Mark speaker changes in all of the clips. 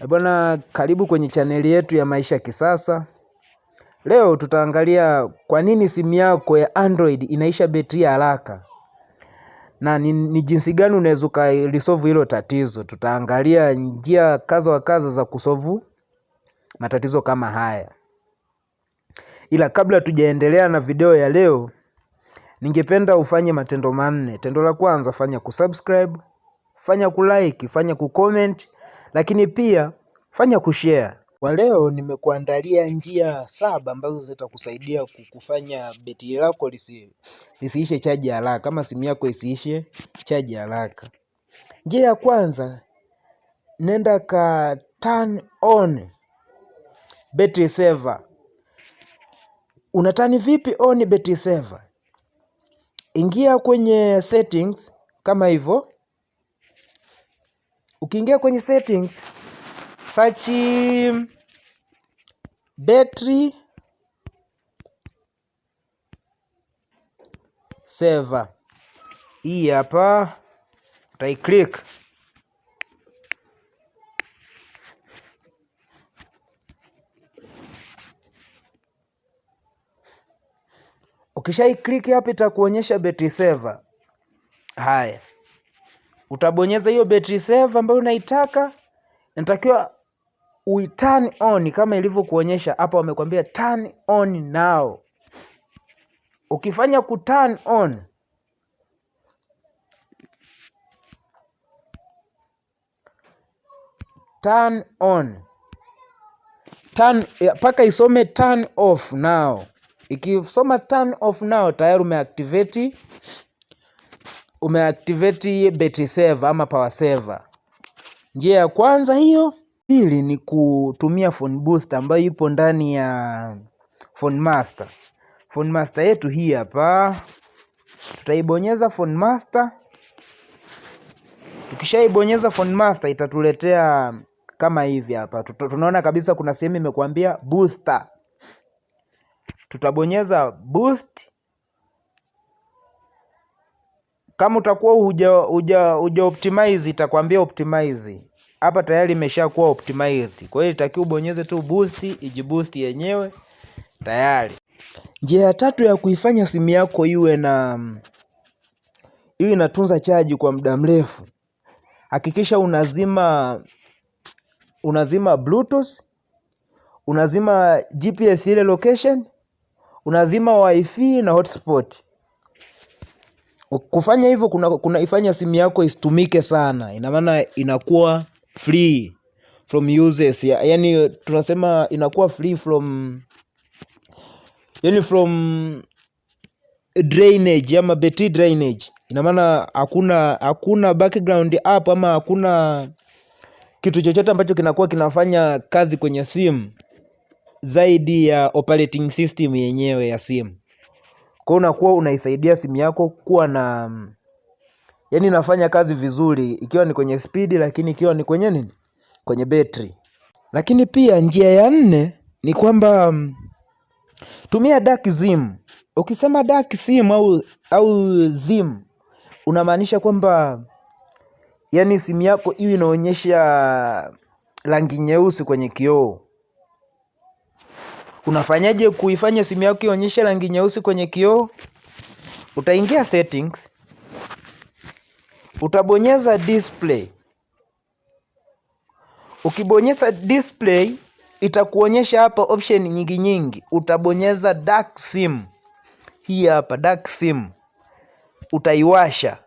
Speaker 1: Eh, bwana, karibu kwenye chaneli yetu ya maisha kisasa. Leo tutaangalia kwa nini simu yako ya Android inaisha betri haraka na ni, ni jinsi gani unaweza ukalisolve hilo tatizo. Tutaangalia njia kaza wa kaza za kusovu matatizo kama haya, ila kabla tujaendelea na video ya leo, ningependa ufanye matendo manne. Tendo la kwanza, fanya kusubscribe, fanya kulike, fanya kucomment lakini pia fanya kushare. Kwa leo nimekuandalia njia saba ambazo zitakusaidia kufanya betri lako lisi, lisiishe chaji haraka ama simu yako isiishe chaji haraka. Njia ya kwanza, nenda ka turn on battery saver. Unatani vipi on battery saver? Ingia kwenye settings kama hivyo, Ukiingia kwenye settings, search um, battery saver. Hii hapa Ukishai click hapa itakuonyesha battery saver. Haya utabonyeza hiyo battery save ambayo unaitaka, natakiwa ui turn on kama ilivyokuonyesha hapa, wamekwambia turn on now. Ukifanya ku turn on turn on turn mpaka isome turn off now. Ikisoma turn off now, tayari umeactivate umeactivate battery saver ama power saver. Njia ya kwanza hiyo. Pili ni kutumia phone booster ambayo ipo ndani ya phone master. Phone master yetu hii hapa, tutaibonyeza phone master. Tukishaibonyeza phone master itatuletea kama hivi hapa, tunaona kabisa kuna sehemu imekuambia booster. Tutabonyeza boost Kama utakuwa uja uja, uja optimize itakwambia optimize. Hapa tayari imeshakuwa optimized. Kwa hiyo itakiwa ubonyeze tu boost, ijiboost yenyewe tayari. Njia ya tatu ya kuifanya simu yako iwe na iwe inatunza chaji kwa muda mrefu, hakikisha unazima unazima Bluetooth, unazima GPS ile location, unazima wifi na hotspot. Kufanya hivyo kunaifanya simu yako isitumike sana. Ina maana inakuwa free from uses. yani tunasema inakuwa free from yani from drainage ama battery drainage. Ina maana hakuna background app ama hakuna kitu chochote ambacho kinakuwa kinafanya kazi kwenye simu zaidi ya operating system yenyewe ya simu. Kwa hiyo unakuwa unaisaidia simu yako kuwa na yani inafanya kazi vizuri ikiwa ni kwenye spidi lakini ikiwa ni kwenye nini? Kwenye betri. Lakini pia njia ya nne ni kwamba mm, tumia dark sim. Ukisema dark sim au sim unamaanisha kwamba yani simu yako iwe inaonyesha rangi nyeusi kwenye kioo. Unafanyaje kuifanya simu yako ionyeshe rangi nyeusi kwenye kioo? Utaingia settings. Utabonyeza display. Ukibonyeza display itakuonyesha hapa option nyingi nyingi. Utabonyeza dark sim. Hii hapa dark sim. Utaiwasha.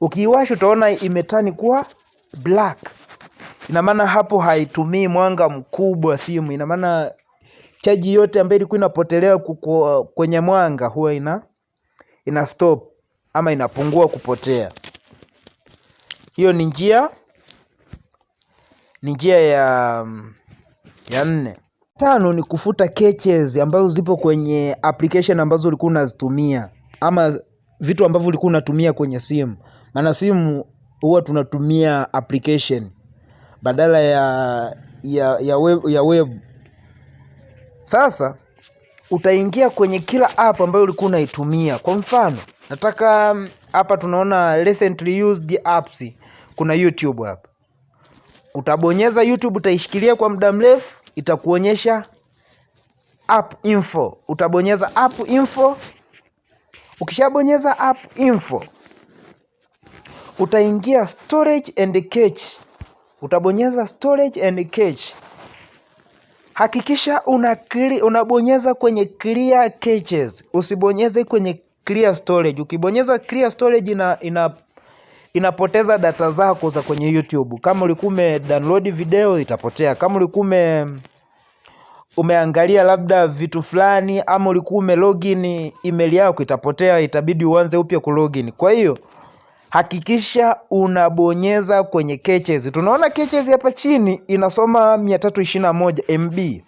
Speaker 1: Ukiiwasha utaona imetani kuwa black ina maana hapo haitumii mwanga mkubwa simu, ina maana chaji yote ambayo ilikuwa inapotelea kwenye mwanga huwa ina ina stop ama inapungua kupotea. Hiyo ni njia ni njia ya ya nne. Tano ni kufuta caches ambazo zipo kwenye application ambazo ulikuwa unazitumia ama vitu ambavyo ulikuwa unatumia kwenye simu, maana simu huwa tunatumia application badala ya, ya, ya, web, ya web. Sasa utaingia kwenye kila app ambayo ulikuwa unaitumia. Kwa mfano nataka mm, hapa tunaona recently used apps, kuna YouTube hapa, utabonyeza YouTube, utaishikilia kwa muda mrefu, itakuonyesha app info, utabonyeza app info. Ukishabonyeza app info, utaingia storage and cache utabonyeza storage and cache. Hakikisha una clear, unabonyeza kwenye clear caches, usibonyeze kwenye clear storage. Ukibonyeza clear storage ina, ina inapoteza data zako za kwenye YouTube. Kama ulikuwa ume download video itapotea, kama ulikuwa ume umeangalia labda vitu fulani, ama ulikuwa ume login email yako itapotea, itabidi uanze upya login. Kwa hiyo hakikisha unabonyeza kwenye kechezi. Tunaona kechezi hapa chini inasoma 321 MB.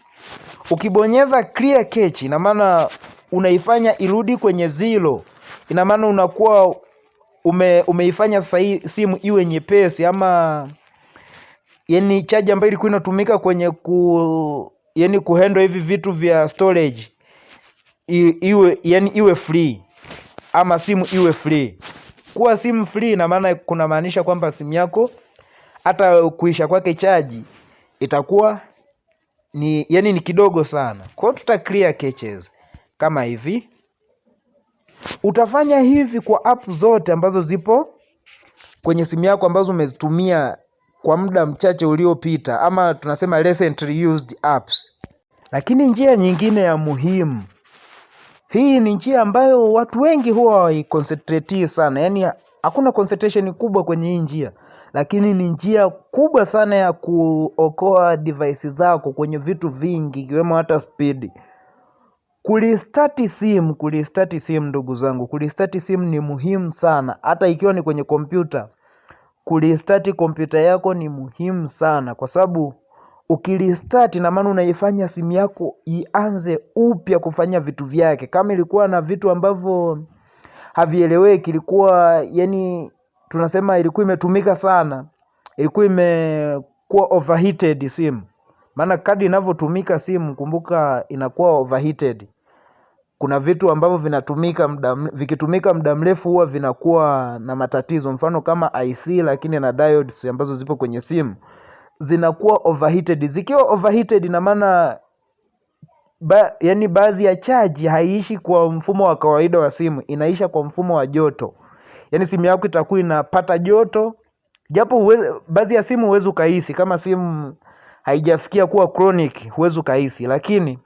Speaker 1: Ukibonyeza clear cache, ina maana unaifanya irudi kwenye zero, ina maana unakuwa ume, umeifanya sahi, simu iwe nyepesi ama yani chaji ambayo ilikuwa inatumika kwenye ku yani kuhandle hivi vitu vya storage I, iwe yani iwe free ama simu iwe free kuwa sim free ina maana kuna maanisha kwamba simu yako hata kuisha kwake chaji itakuwa ni yani ni kidogo sana. Kwa hiyo tuta clear caches kama hivi. Utafanya hivi kwa app zote ambazo zipo kwenye simu yako ambazo umezitumia kwa muda mchache uliopita, ama tunasema recently used apps. Lakini njia nyingine ya muhimu hii ni njia ambayo watu wengi huwa hawaiconcentratii sana, yaani hakuna concentration kubwa kwenye hii njia, lakini ni njia kubwa sana ya kuokoa device zako kwenye vitu vingi ikiwemo hata speed. Kulistart sim, kulistart sim, ndugu zangu, kulistart sim ni muhimu sana, hata ikiwa ni kwenye kompyuta. Kulistati kompyuta yako ni muhimu sana kwa sababu ukilistati na maana unaifanya simu yako ianze upya kufanya vitu vyake. Kama ilikuwa na vitu ambavyo havieleweki, ilikuwa yani tunasema ilikuwa imetumika sana, ilikuwa imekuwa overheated simu. Maana kadi inavyotumika simu, kumbuka inakuwa overheated. Kuna vitu ambavyo vinatumika muda vikitumika muda mrefu huwa vinakuwa na matatizo, mfano kama IC lakini na diodes ambazo zipo kwenye simu zinakuwa overheated. Zikiwa overheated ina maana ba, yani baadhi ya chaji haiishi kwa mfumo wa kawaida wa simu, inaisha kwa mfumo wa joto. Yani simu yako itakuwa inapata joto, japo baadhi ya simu huwezi ukahisi kama simu haijafikia kuwa chronic, huwezi ukahisi, lakini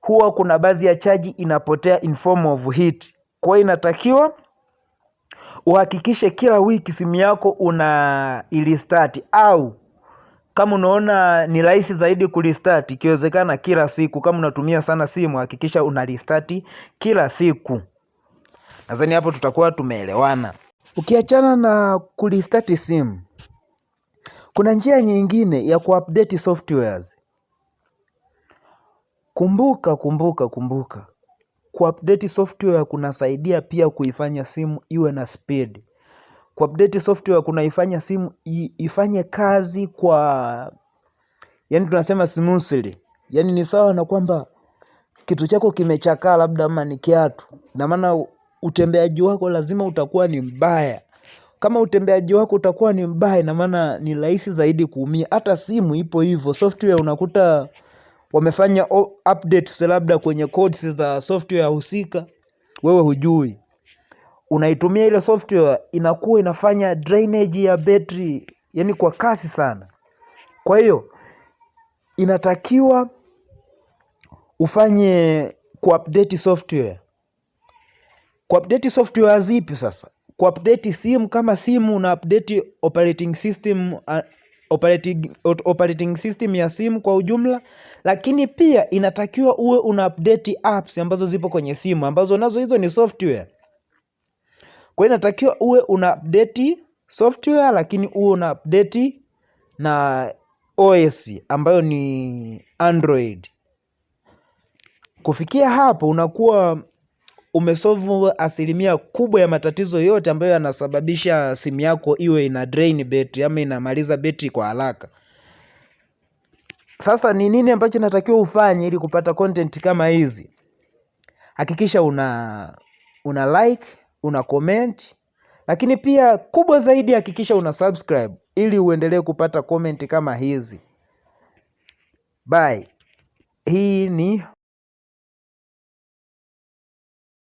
Speaker 1: huwa kuna baadhi ya chaji inapotea in form of heat. Kwa hiyo inatakiwa uhakikishe kila wiki simu yako una ilistati au kama unaona ni rahisi zaidi kulistati ikiwezekana kila siku. Kama unatumia sana simu hakikisha unalistati kila siku. Nadhani hapo tutakuwa tumeelewana. Ukiachana na kulistati simu kuna njia nyingine ya kuupdate softwares. Kumbuka kumbuka kumbuka kuupdate software kunasaidia pia kuifanya simu iwe na speed kuupdate software kunaifanya simu ifanye kazi kwa yani tunasema smoothly. Yani ni sawa na kwamba kitu chako kimechakaa labda ama ni kiatu. na maana utembeaji wako lazima utakuwa ni mbaya. Kama utembeaji wako utakuwa ni mbaya na maana ni rahisi zaidi kuumia. Hata simu ipo hivyo, software unakuta wamefanya updates labda kwenye codes za software husika. Wewe hujui unaitumia ile software inakuwa inafanya drainage ya battery yani kwa kasi sana. Kwa hiyo inatakiwa ufanye kuupdate software. Kuupdate software zipi sasa? Kuupdate simu kama simu na update operating system, uh, operating, operating system ya simu kwa ujumla, lakini pia inatakiwa uwe una update apps ambazo zipo kwenye simu ambazo nazo hizo ni software. Kwa hiyo inatakiwa uwe una update software lakini uwe una update na OS ambayo ni Android. Kufikia hapo unakuwa umesolve asilimia kubwa ya matatizo yote ambayo yanasababisha simu yako iwe ina drain battery ama inamaliza battery kwa haraka. Sasa ni nini ambacho natakiwa ufanye ili kupata content kama hizi? Hakikisha una una like, una comment, lakini pia kubwa zaidi hakikisha una subscribe ili uendelee kupata comment kama hizi. Bye. Hii ni